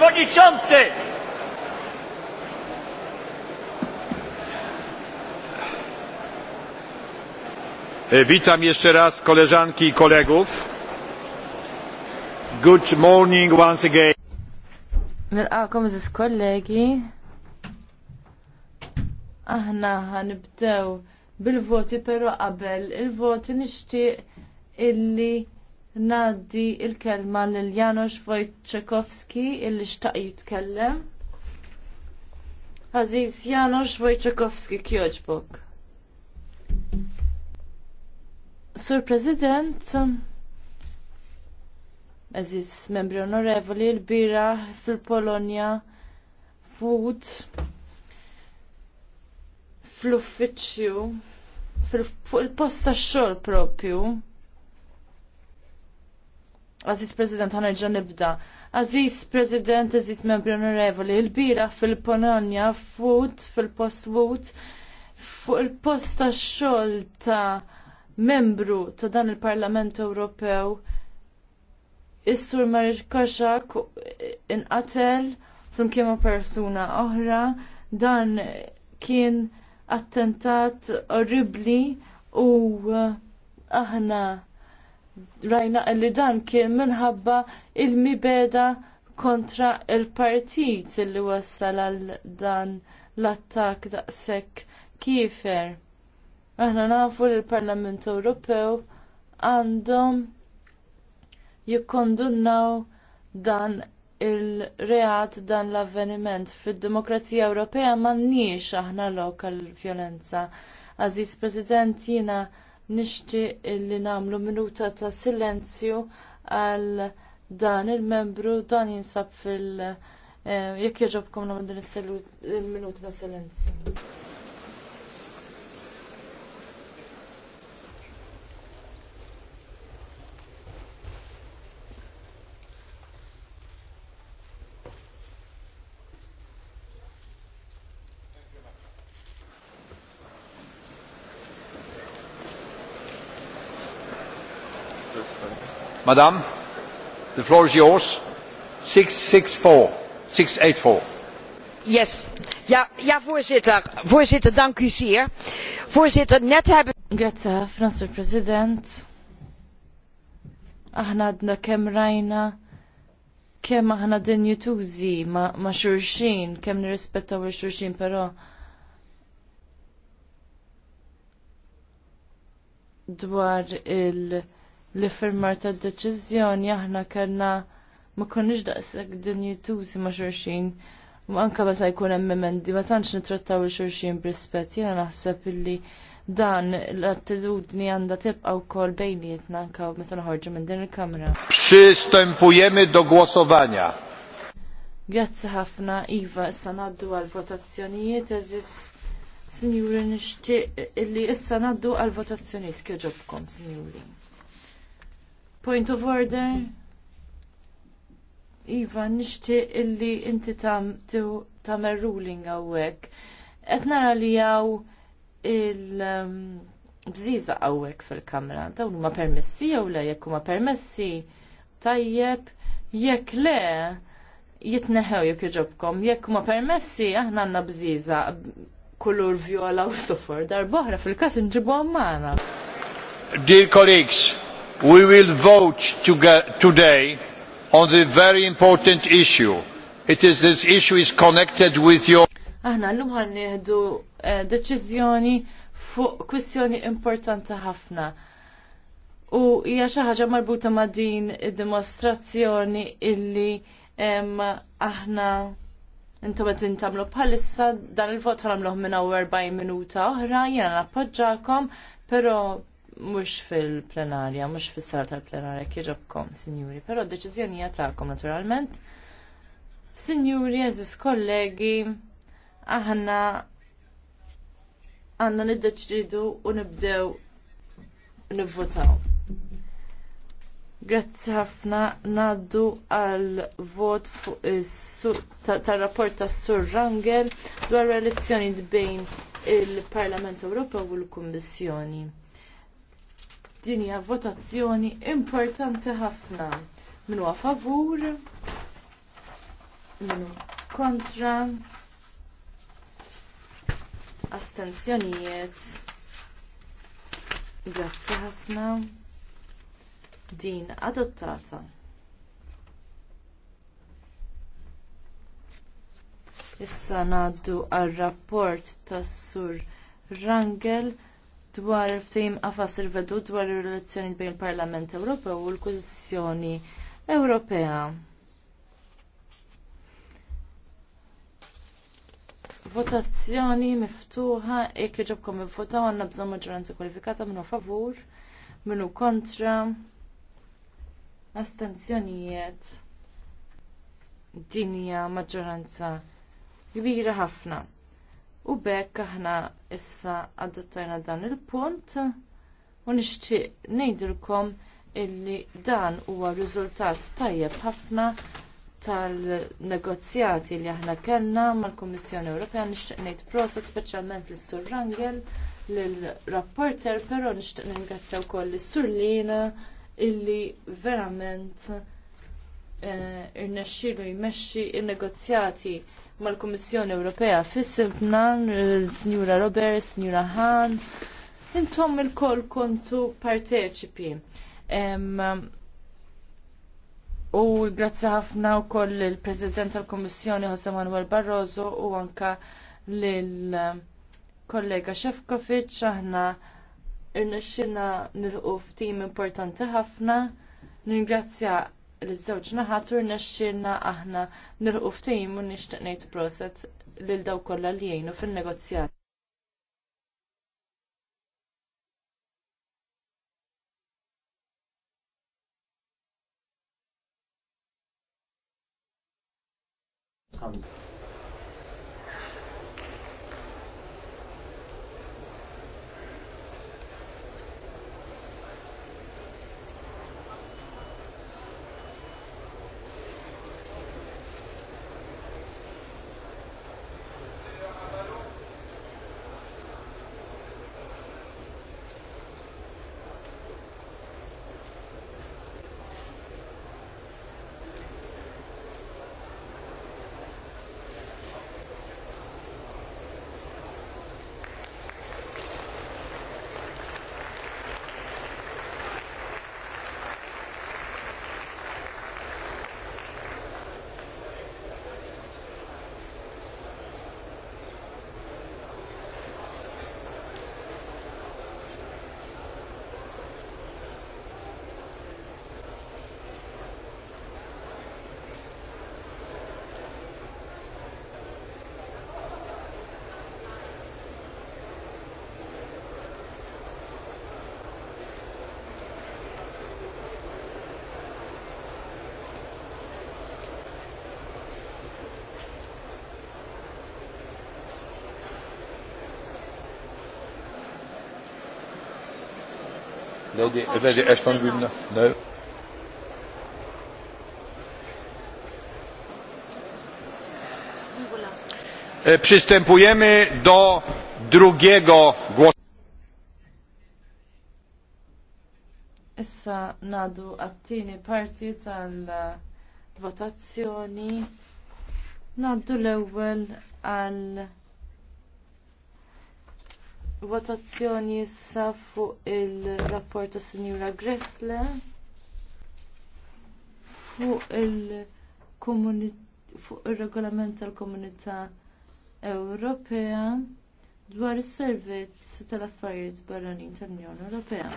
przewodniczący! E, witam jeszcze raz koleżanki i kolegów. Good morning once again. Nilqakom ziz kollegi. Aħna ħanibdew bil-voti pero qabel il-voti nixtieq illi Naddi il-kelma lil Janosz Wojciechowski illi xtaq jitkellem. Aziz Janosz Wojciechowski kjoġbok. Sur President, Aziz membri onorevoli, l-bira fil-Polonja fut fl-uffiċċju fuq il-posta xogħol propju Aziz President, ġan nibda. Aziz President, Aziz Membri Onorevoli, il-bira fil-Polonja, fut, fil-post vot, fuq il-post ta' xol ta' membru ta' dan il-Parlament Ewropew, Is-sur Marij Koxak inqatel fl-mkiema persuna oħra, dan kien attentat orribli u uh, aħna rajna li dan kien minħabba il-mibeda kontra il-partit li wassal għal dan l-attak daqshekk kiefer. Aħna nafu li l-Parlament Ewropew għandhom jikkondunnaw dan il-reat dan l-avveniment. Fid-demokrazija Ewropea m'għandniex aħna lokal violenza. Aziz President nixtieq li nagħmlu minuta ta' silenzju għal dan il-membru dan jinsab fil- eh, jekk jogħġobkom nagħmlu din il-minuta ta' silenzju. Madam, the floor is yours. 664. 684. Yes. Ja, ja, voorzitter. Voorzitter, dank u zeer. Voorzitter, net hebben... Grazie, Franse president. Aħna għadna kem rajna, kem aħna din jutużi ma, ma xurxin, kem nirrispettaw il-xurxin, pero dwar il- li firmar ta' deċiżjoni aħna kellna ma konniex daqshekk dinjitużi ma' xulxin. Anka meta jkun hemm emendi ma tantx nittrattaw il-xulxin b'rispett, jiena naħseb illi dan l-attitudni għandha tibqa' wkoll bejnietna ma' meta nħorġu minn din il-kamra. Przystępujemy do głosowania. Grazzi ħafna Iva, issa ngħaddu għal votazzjonijiet eżis Sinjuri nixtieq illi issa ngħaddu għal votazzjonijiet kieġobkom, Sinjuri. Point of order. Iva, nishti illi inti tamer ruling għawek. Et nara li għaw il-bżiza um, għawek fil-kamra. Dawn huma permessi jew le, jekk huma permessi. Tajjeb, jekk le, jitneħew jekk iġobkom, jekk huma permessi, aħna għandna bżiza kulur viola u sofor. Darboħra fil-kas nġibu għammana. Dear colleagues, We will vote today on the very important issue. It is this issue is connected with your Aħna llum ħan nieħdu eh, deċiżjoni fuq kwistjoni importanti ħafna. U hija xi ħaġa marbuta ma' din id-dimostrazzjoni illi aħna intom qed intamlu bħalissa dan il-vot ħanamluh minn 40 minuta oħra, jiena appoġġakom, però mhux fil-plenarja, mhux fis-sar tal-plenarja kieġobkom, sinjuri, però d-deċiżjoni jagħtakom naturalment. Sinjuri, eżis kollegi, aħna għandna niddeċidu u nibdew nivvotaw. Grazzi ħafna ngħaddu għal vot fuq tar-rapport tas Sur Rangel dwar relazzjoni bejn il-Parlament Ewropew u l-Kummissjoni. Din hija votazzjoni importanti ħafna. Minu a favur, minu kontra, astenzjonijiet. Grazzi ħafna. Din adottata. Issa ngħaddu għar rapport tas-sur Rangel dwar ftehim qafas irvedu dwar ir-relazzjoni bejn il-Parlament Ewropew u l-Kummissjoni Ewropea. Votazzjoni miftuħa jekk iġobkom votaw għandna bżonn maġġoranza kwalifikata minnu favur, minnu kontra, astenzjonijiet, dinja maġġoranza kbira ħafna. U bekk aħna issa adottajna dan il-punt u nixtieq ngħidilkom illi dan huwa riżultat tajjeb ħafna tal-negozjati li aħna kellna mal-Kummissjoni Ewropea nixtieq ngħid proset speċjalment lis sur Rangel lill-rapporter, però nixtieq ningrazzja wkoll is sur Lina illi verament eh, irnexxielu jmexxi n negozjati mal-Kummissjoni Ewropea fis-sibna l-Sinjura Roberts, Sinjura Han, intom il-koll kontu parteċipi. U grazzi ħafna u koll il-President tal-Kommissjoni Jose Manuel Barroso u anka l-kollega Shefkovic aħna irnexxina nilqu f'tim importanti ħafna. Ningrazzja l-żewġ naħat u rnexxilna aħna nilqu ftehim u nixtieq ngħid proset lil dawk kollha li jgħinu fin-negozjat. Lady, Lady Ashton will know. E, przystępujemy do drugiego głosowania. Issa nadu għattini parti tal-votazzjoni. Nadu l-ewel għal votazzjoni issa fuq il-rapport ta' Sinjura Gressle fuq il-regolament il tal-Komunità Ewropea dwar is-servizz tal-affarijiet barranin tal-Unjoni Ewropea.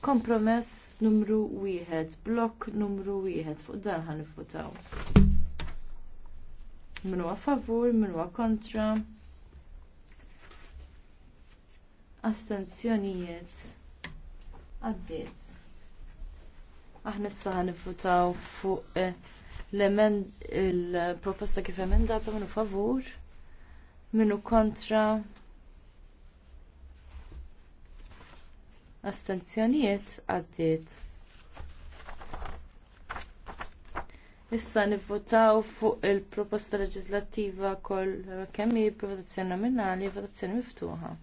Kompromess numru wieħed, blokk numru wieħed fuq dan ħan Min huwa favur, minu kontra. Astenzjonijiet. Għaddiet. Aħna issa nifutaw fuq eh, il-proposta kif emendata minnu favur, minnu kontra astenzjonijiet għaddiet. Issa nivvotaw fuq il-proposta leġislattiva kol kemm votazzjoni nominali, votazzjoni miftuħa.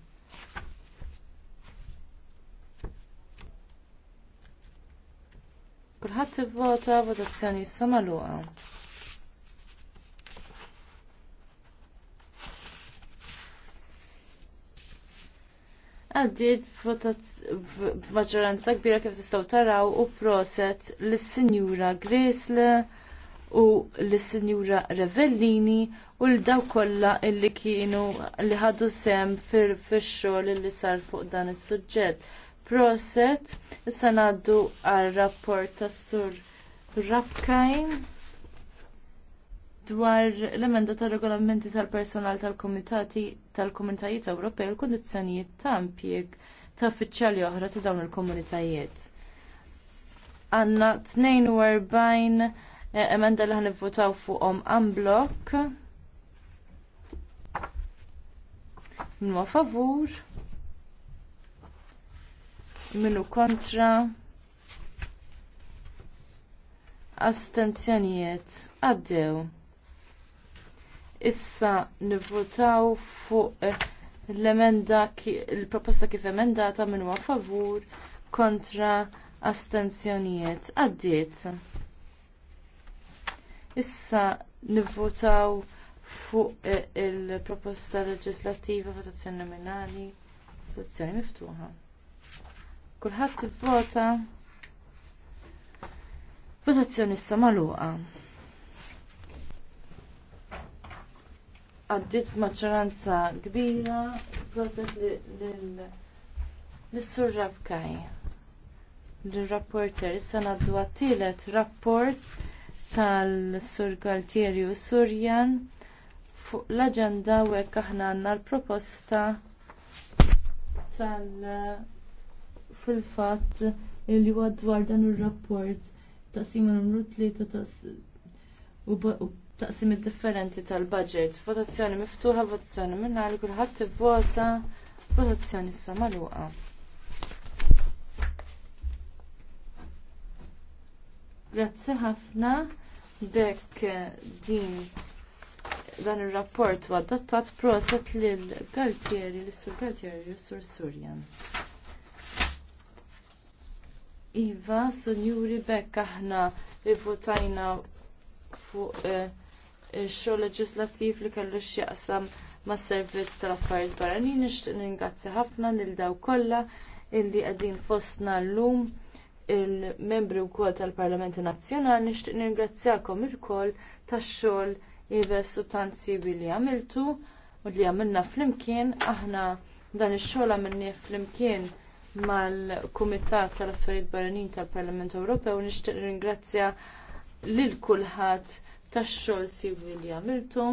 Tivvota votazzjoni issa magħluqa. Għaddit b'maġġoranza kbira kif tistgħu taraw u proset lis-Sinjura Gresle u lis-Sinjura Revellini u l-daw kollha illi kienu li ħadu sem fix xogħol li sar fuq dan is-suġġett. Proset, issa ngħaddu għal rapport tas sur Rapkajn dwar l-emenda tar regolamenti tal-personal tal-komitati tal-komunitajiet Ewropej l kundizzjonijiet ta' impjieg ta' uffiċjali oħra ta' dawn il-komunitajiet. Għanna 42 eh, emenda li ħanivvotaw fuqhom unblock. Nwa favur minu kontra astenzjonijiet għaddew. Issa nivvotaw fuq eh, l-emenda il-proposta kif emendata minn huwa favur kontra astenzjonijiet għaddiet. Issa nivvotaw fuq eh, il-proposta leġislattiva votazzjoni nominali, votazzjoni miftuħa. Kulħadd ivvota. Votazzjoni issa magħluqa. Għaddit maċċoranza kbira, proset lill sur Rabkaj. lill rapporter issa ngħaddu għattilet rapport tal-sur Galtieri u Surjan fuq l aġenda u aħna għandna l-proposta tal- fil-fatt li huwa dwar dan ir-rapport taqsim numru tlieta u taqsim differenti tal-budget. Votazzjoni miftuħa, votazzjoni minna li kulħadd ivvota, votazzjoni issa magħluqa. Grazzi ħafna dek eh, din dan ir-rapport u adattat proset lil Galtieri, l-Sur Galtieri, l-Sur Surjan. Iva, Sonjuri Bekk aħna votajna fuq eh, xogħol leġislattiv li kellu x'jaqsam mas servizz tal-affarijiet barranin nixtieq ningrazzja ħafna lil daw kollha illi qegħdin fostna llum il-membri wkoll tal-Parlamenti Nazzjonali nixtieq ningrazzjakom ilkoll tax-xogħol ives sostanzjivi li għamiltu u li għamilna flimkien aħna dan ix-xogħol għamilni flimkien mal-Kumitat tal-Affarijiet Barranin tal-Parlament Ewropew nixtieq ringrazzja lil kulħadd tax-xogħol siwi li għamiltu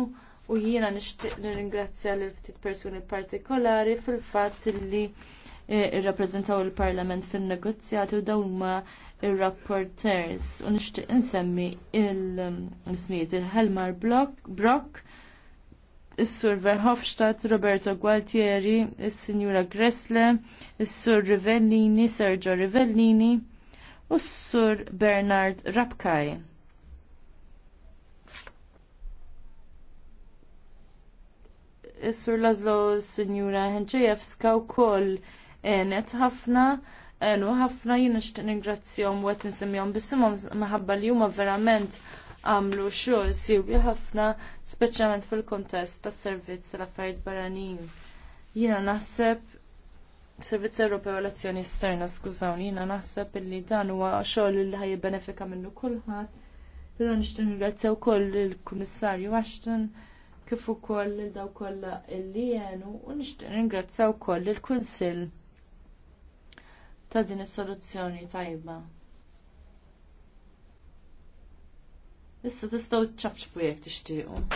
u jiena nixtieq nirringrazzja lil ftit persuni partikolari fil-fatt li eh, irrappreżentaw il-Parlament fin-negozjati u dawn huma ir-rapporters u nixtieq insemmi il-ismijiet mm, il-Helmar Brock Is-Sur Verhofstadt, Roberto Gualtieri, is-Sinjura Gressle, is-Sur Rivellini, Sergio Rivellini u s-Sur Bernard Rapkaj. Is-Sur Lazlo Sinjura Henċejewska u koll enet ħafna enu ħafna jina xtin ingrazzjom u għet nisimjom bisimom maħabba li juma verament għamlu xogħol siwi ħafna speċjalment fil-kontest tas-servizz tal-affarijiet barranin. Jiena naħseb Servizz Ewropew Azzjoni Esterna, skużawni, jiena naħseb illi dan huwa xogħol li ħaj jibbenefika minnu kulħadd. Però nixtieq ningrazzja wkoll il-Kummissarju Ashton kif ukoll il daw kollha illi jenu u nixtieq ningrazzja wkoll il-Kunsill ta' din is-soluzzjoni tajba. Issa tistaw ċabċbu jek tixtiequ.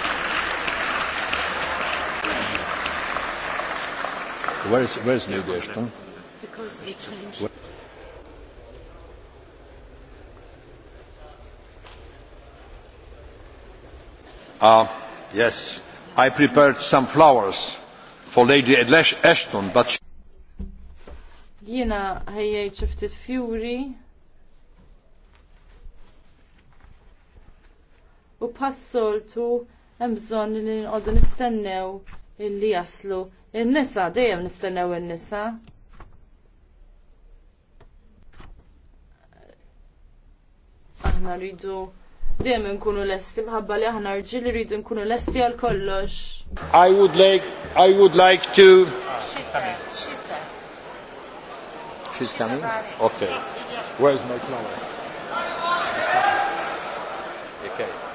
Where's where's New Gershton? Because they changed. Ah, uh, yes. I prepared some flowers for Lady Ashton, but she... Jena ħejjej ċiftit fjuri passoltu hemm bżonn li nqogħdu nistennew illi jaslu. In-nisa dejjem nistennew in-nisa. Aħna rridu dejjem nkunu lesti minħabba li aħna rġieli rridu nkunu lesti għal kollox. I would like I would like to She's there. She's there. She's coming? Okay. Where's my flowers? Okay.